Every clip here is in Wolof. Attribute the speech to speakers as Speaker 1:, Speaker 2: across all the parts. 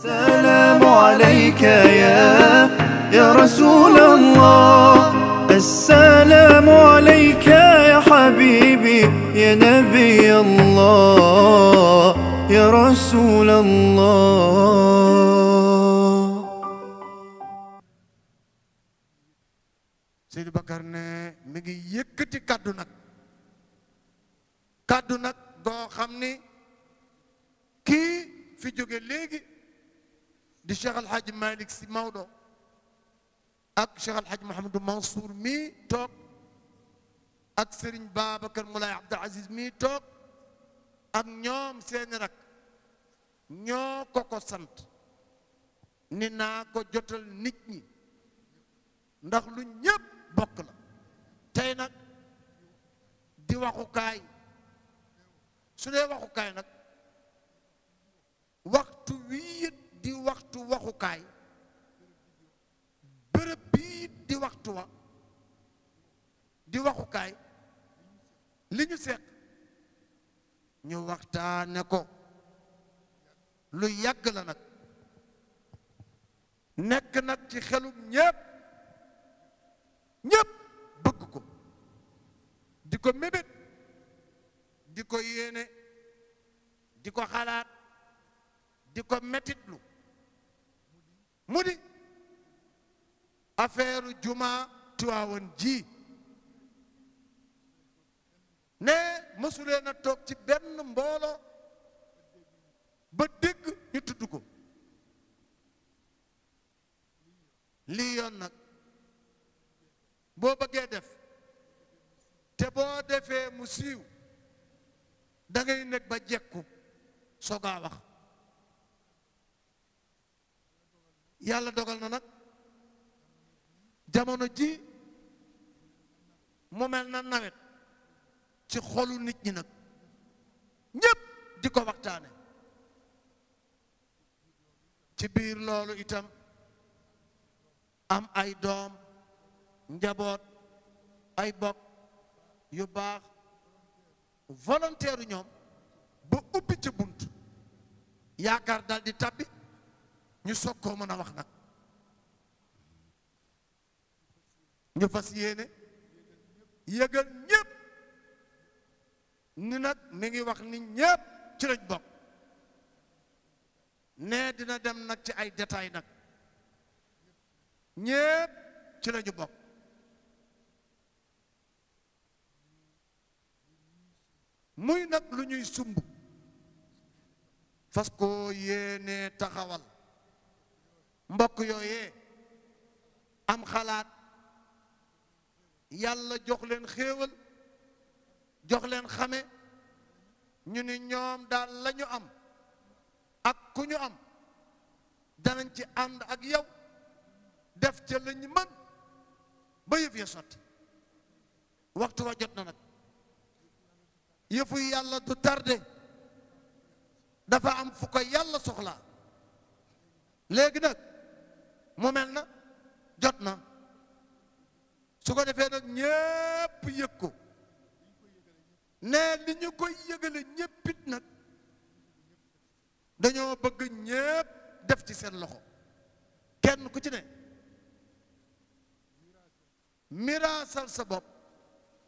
Speaker 1: السلام عليك يا يا رسول الله السلام عليك يا حبيبي يا نبي الله يا رسول الله سيدي بكر ne يكتي ngi yëkkati kàddu nag kàddu nag goo xam دي شيخ الحاج مالك سي ماودو اك شيخ الحاج محمد منصور مي توك اك سيرن بابكر مولاي عبد العزيز مي توك اك نيوم سين راك نيو كوكو سانت ني ناكو جوتال نيت ني ndax lu ñepp bok la tay nak di waxu kay su ne waxu kay nak waxtu wi yit di waxtu waxukaay bërëb bii di waxtu wa di waxukaay li ñu seq ñu waxtaane ko lu yàgg la nag nekk nag ci xelum ñépp ñépp bëgg ko di ko mébét di ko yéene di ko xalaat di ko metitlu Mudi, affaire juma Tiwaawan ji ne musule na tok ci ben mbolo ba deg ñu tuddu ko li yon nak bo bëggee def te bo musiw da ngay nek ba jekku soga wax yàlla dogal na nag jamono ji mu mel na nawet ci xolu nit ñi nag ñépp di ko waxtaane ci biir loolu itam am ay doom njaboot ay bokk yu baax volontaire ñoom ba ubbi ca bunt yaakaar dal di tabbi ñu soog koo mën a wax nag ñu fas yéene yëgal ñépp ni nag mi ngi wax ni ñépp ci lañ bokk nee dina dem nag ci ay détails nag ñépp ci lañu bokk muy nag lu ñuy sumb fas koo yéene taxawal mbok yoyé am xalaat yàlla jox len xewal jox len xame ñu ni ñoom daal lañu am ak ku ñu am danañ ci ànd ak yow def ci lañu mën ba yëf ya sotti waxtu wa jot na nag yëfu yàlla du tardé dafa am fu ko yàlla soxlaa léegi nag mu mel na jot na su ko defee nag ñépp yëg ko ne li ñu koy yëgale ñéppit nag dañoo bëgg ñépp def ci seen loxo kenn ku ci ne miraasal sa bopp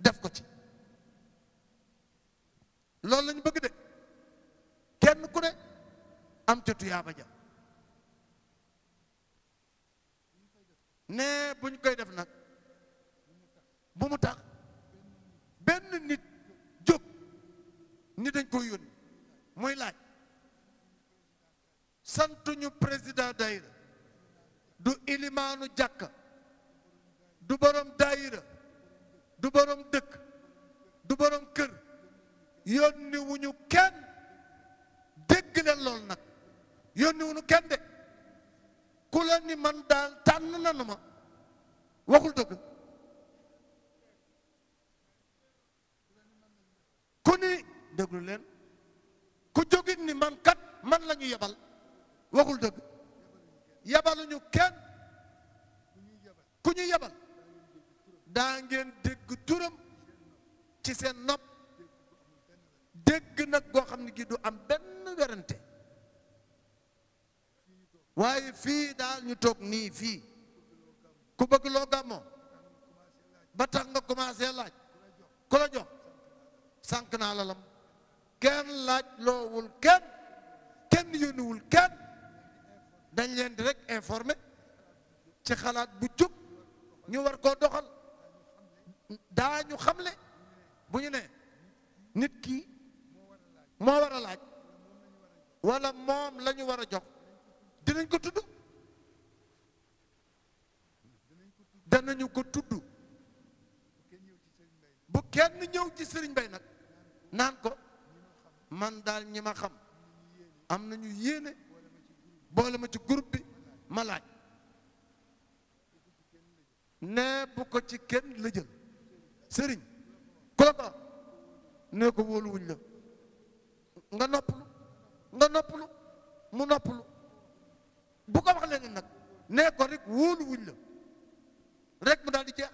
Speaker 1: def ko ci loolu lañu bëgg de kenn ku ne am ca tuyaaba ja nee buñ koy def nag bu mu tax benn nit jóg ni dañ koy yónni muy laaj santuñu président daayira du ilimaanu jàkka du borom daayira du borom dëkk du borom kër yónni wuñu kenn dégg leen lool nag yónni wuñu kenn de ku la ni man daal tànn nanu ma waxul dëgg ku ni déglu leen ku jógit ni man kat man la ñu yebal waxul dëgg yebaluñu kenn ku ñu yabal daa ngeen dégg turam ci seen nopp dégg nag goo xam ne gi du am benn werante waaye fii daal ñu toog nii fii ku bëgg loo gàmmoo ba tax nga commencé laaj ku la jox sànq naa lalam kenn laaj loowul kenn kenn yónniwul kenn dañ leen di rek informé ci xalaat bu jóg ñu war koo doxal daañu ñu xamle bu ñu ne nit ki moo war a laaj wala moom la ñu war a jox dinañ ko tudd danañu ko tudd bu kenn ñëw ci sëriñ bay nag naan ko man daal ñi ma xam am nañu yéene boole ma ci groupe bi ma laaj ne bu ko ci kenn la jël sëriñ ku la ko nee ko wóoluwuñ la nga noppalu nga noppalu mu noppalu bu ko wax leneen nag ne ko rek wóolu wuñ la rek mu daal di jeex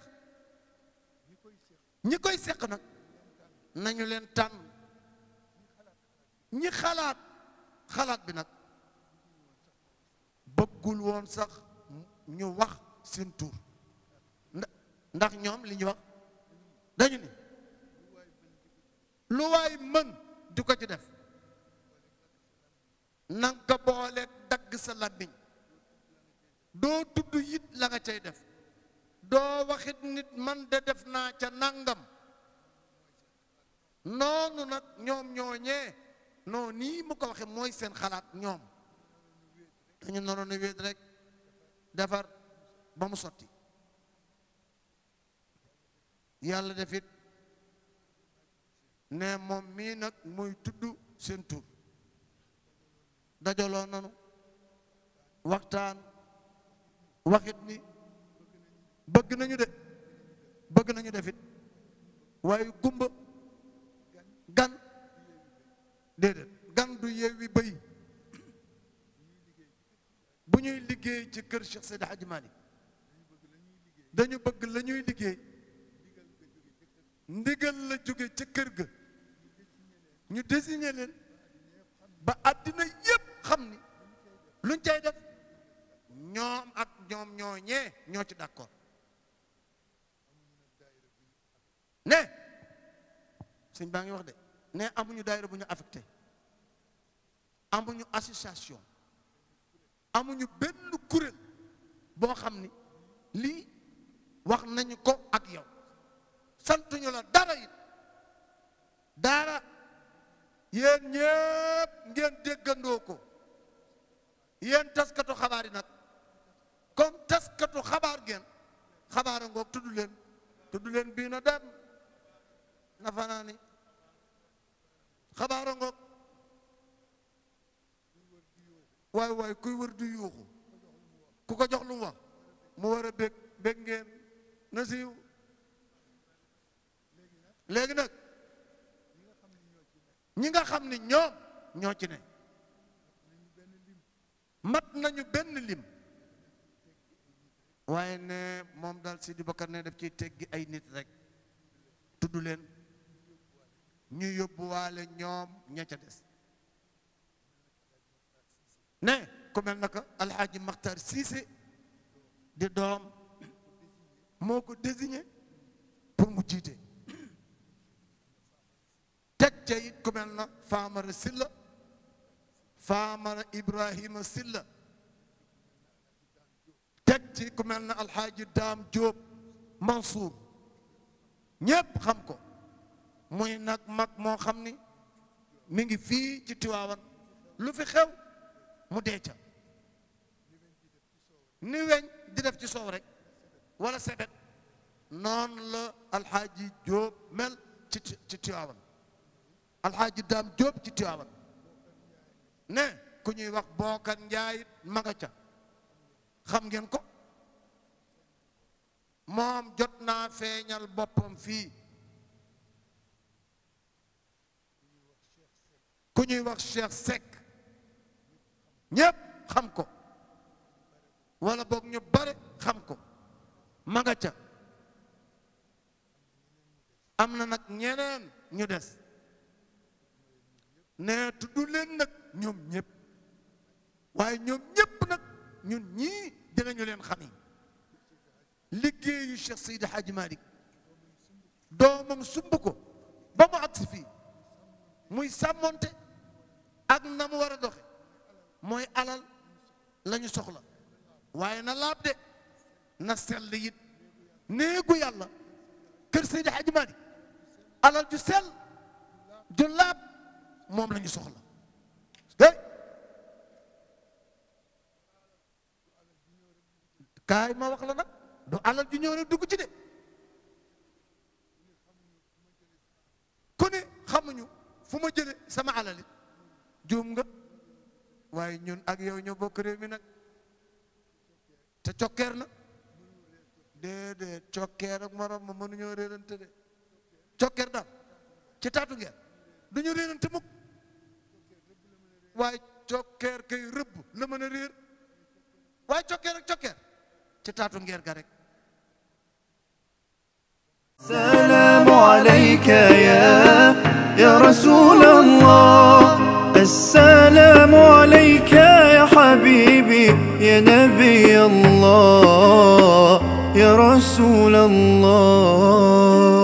Speaker 1: ñi koy seq nag nañu leen tànn ñi xalaat xalaat bi nag bëggul woon sax ñu wax seen tur ndax ñoom li ñu wax dañu ni lu waay mën di ko ci def nanga ko dagg sa làmmiñ doo tudd yit langa nga cay def doo waxit nit man de def naa ca nangam noonu nag ñoom ñooñee noonu nii mu ko waxe mooy seen xalaat ñoom dañu noonu wéet rek defar ba mu sotti yàlla defit ne moom mii nag muy tudd seen tur dajaloo nanu waxtaan waxit ni bëgg nañu de bëgg nañu defit waaye gumba gan déedéet gan du yeewi bëy bu ñuy liggéey ci kër Cheikh Seydi dañu bëgg lañuy liggéey ndigal la jóge ca kër ga ñu désigné leen ba àddina yépp xam ni luñ cay def ñoom ak ñoom ñooñee ñoo ci d'accord ne sëñ baa ngi wax de ne amuñu daayira bu ñu affecté amuñu association amuñu benn kuréel boo xam ni lii wax nañu ko ak yow santuñu la dara it dara yéen ñépp ngeen déggandoo ko yéen taskatu xabaar yi nag wetu xabaar ngeen xabaara ngoog tudd leen tudd leen bii na dem na fanaani xabaara ngoog waay waay kuy wër di yuuxu ku ko jox lu mu wax mu war a ngeen na siiw léegi nag ñi nga xam ni ñoom ñoo ci ne mat nañu benn lim waaye ne moom daal Sidi Bakar ne def ciy teggi ay nit rek tudd leen ñu yóbbuwaale ñoom ña ca des ne ku mel naka alxaaji Maxtar Siise di doom moo ko désigné pour mu jiite teg ca it ku na Famara Silla Famara Ibrahima Silla ci ku mel na alxaaji daam jóob mansuur ñépp xam ko muy nag mag moo xam ni mi ngi fii ci Tiwaawan lu fi xew mu dee ca ni weñ di def ci soow rek walla sebet noon la alxaaji jóob mel ci ci alxaaji daam jóob ci Tiwaawan ne ku ñuy wax bookan njaayit maga ca xam ngeen ko moom jot naa feeñal boppam fii ku ñuy wax Cheikh Seck ñépp xam ko wala boog ñu bare xam ko ma ca am na nag ñeneen ñu des nee tudd leen nag ñoom ñépp waaye ñoom ñépp nag ñun ñii dinañu leen xami لقي الشيخ سيد حاج مالك دوما سبكو بما عطف فيه موي سامونت اك نام ورا دوخي موي علال لا ني سوخلا واي نا لاب دي نا سيل ييت نيغو يالا كير سيد حاج مالك علال جو سيل جو لاب موم لا ني سوخلا du alal ju ñëw rek dugg ci de ku xamuñu fu ma jële sama alal it juum nga waaye ñun ak yow ñoo bokk réew nag te cokkeer na déedéet cokkeer ak morom ma mënuñoo réerante de cokkeer daal ci taatu ngeen duñu réerante mukk waaye cokkeer kay rëbb la mën a réer waaye cokkeer ak cokkeer ci السلام عليك يا يا رسول الله السلام عليك يا حبيبي يا نبي الله يا رسول الله